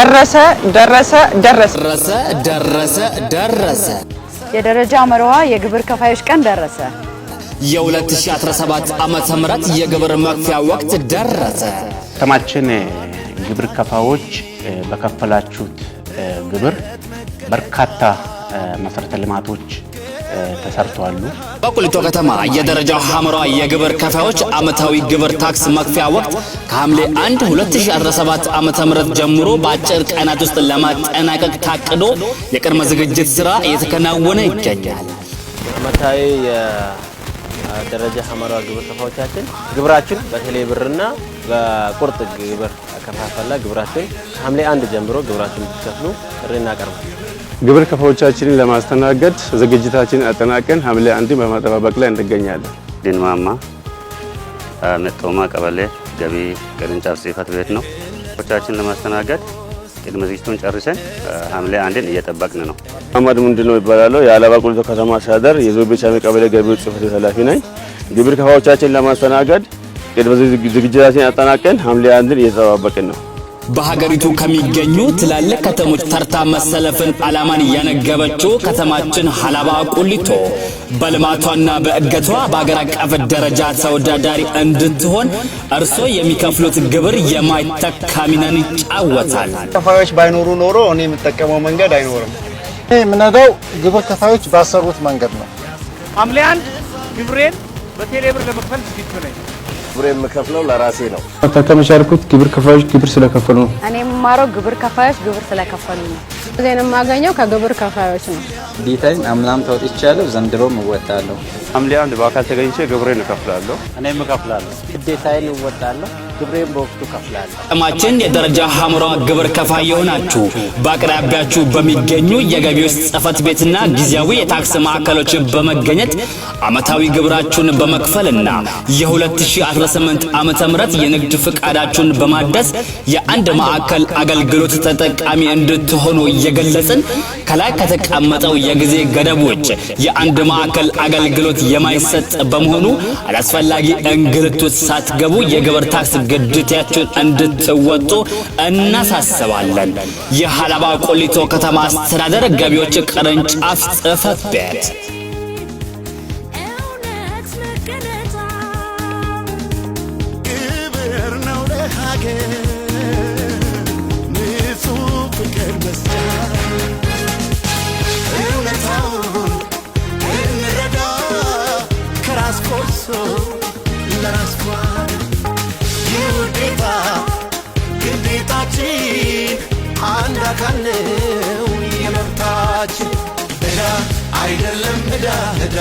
ደረሰ ደረሰ ደረሰ ደረሰ ደረሰ የደረጃ መርዋ የግብር ከፋዮች ቀን ደረሰ። የ2017 ዓመተ ምህረት የግብር መክፈያ ወቅት ደረሰ። ከተማችን ግብር ከፋዎች በከፈላችሁት ግብር በርካታ መሰረተ ልማቶች ተሰርተዋሉ። በቁሊቶ ከተማ የደረጃው ሐምራ የግብር ከፋዮች አመታዊ ግብር ታክስ መክፈያ ወቅት ከሐምሌ 1 2017 ዓ.ም ጀምሮ በአጭር ቀናት ውስጥ ለማጠናቀቅ ታቅዶ የቅድመ ዝግጅት ስራ እየተከናወነ ይገኛል። አመታዊ የደረጃ ሐምራ ግብር ከፋዮቻችን ግብራችን በቴሌ ብርና በቁርጥ ግብር ከፋፈላ ግብራችን ከሐምሌ 1 ጀምሮ ግብራችን ብትከፍሉ ጥሪ እናቀርባለን። ግብር ከፋዮቻችንን ለማስተናገድ ዝግጅታችንን አጠናቀን ሐምሌ አንድን በማጠባበቅ ላይ እንገኛለን። ድንማማ መጦማ ቀበሌ ገቢ ቅርንጫፍ ጽሕፈት ቤት ነው። ቻችን ለማስተናገድ ቅድመ ዝግጅቱን ጨርሰን ሐምሌ አንድን እየጠበቅን ነው። አማድ ምንድን ነው ይባላለው የአላባ ቁልቶ ከተማ አስተዳደር የዞቤ ቻሜ ቀበሌ ገቢዎች ጽሕፈት ቤት ኃላፊ ነኝ። ግብር ከፋዮቻችንን ለማስተናገድ ቅድመ ዝግጅታችን አጠናቀን ሐምሌ አንድን እየተጠባበቅን ነው። በሀገሪቱ ከሚገኙ ትላልቅ ከተሞች ተርታ መሰለፍን ዓላማን እያነገበችው ከተማችን ሀላባ ቁሊቶ በልማቷና በእድገቷ በአገር አቀፍ ደረጃ ተወዳዳሪ እንድትሆን እርስዎ የሚከፍሉት ግብር የማይተካ ሚናን ይጫወታል። ከፋዮች ባይኖሩ ኖሮ እኔ የምጠቀመው መንገድ አይኖርም። ይህ የምነዳው ግብር ከፋዮች ባሰሩት መንገድ ነው። ሐምሌ አንድ ግብሬን በቴሌብር ለመክፈል ዝግጁ ነኝ። ግብር የምከፍለው ለራሴ ነው። መታከም የቻልኩት ግብር ከፋዮች ግብር ስለከፈሉ ነው። እኔ የምማረው ግብር ከፋዮች ግብር ስለከፈሉ ነው። ዜን የማገኘው ከግብር ከፋዮች ነው። ዲታይን አምናም ተወጥቻለሁ፣ ዘንድሮም እወጣለሁ። ሐምሌ አንድ በአካል ተገኝቼ ግብሬን እከፍላለሁ። እኔም እከፍላለሁ፣ ግዴታዬን እወጣለሁ። ግብሬን በወቅቱ ከፍላለሁ። ጥማችን የደረጃ ሐምሯ ግብር ከፋይ የሆናችሁ በአቅራቢያችሁ በሚገኙ የገቢዎች ጽሕፈት ቤትና ጊዜያዊ የታክስ ማዕከሎች በመገኘት ዓመታዊ ግብራችሁን በመክፈልና የ2018 ዓ ም የንግድ ፍቃዳችሁን በማደስ የአንድ ማዕከል አገልግሎት ተጠቃሚ እንድትሆኑ እየገለጽን ከላይ ከተቀመጠው የጊዜ ገደቦች የአንድ ማዕከል አገልግሎት የማይሰጥ በመሆኑ አላስፈላጊ እንግልቱ ሳትገቡ የግብር ታክስ ግዴታችሁን እንድትወጡ እናሳስባለን። የሀላባ ቆሊቶ ከተማ አስተዳደር ገቢዎች ቅርንጫፍ ጽሕፈት ቤት Give አይደለም እዳ እዳ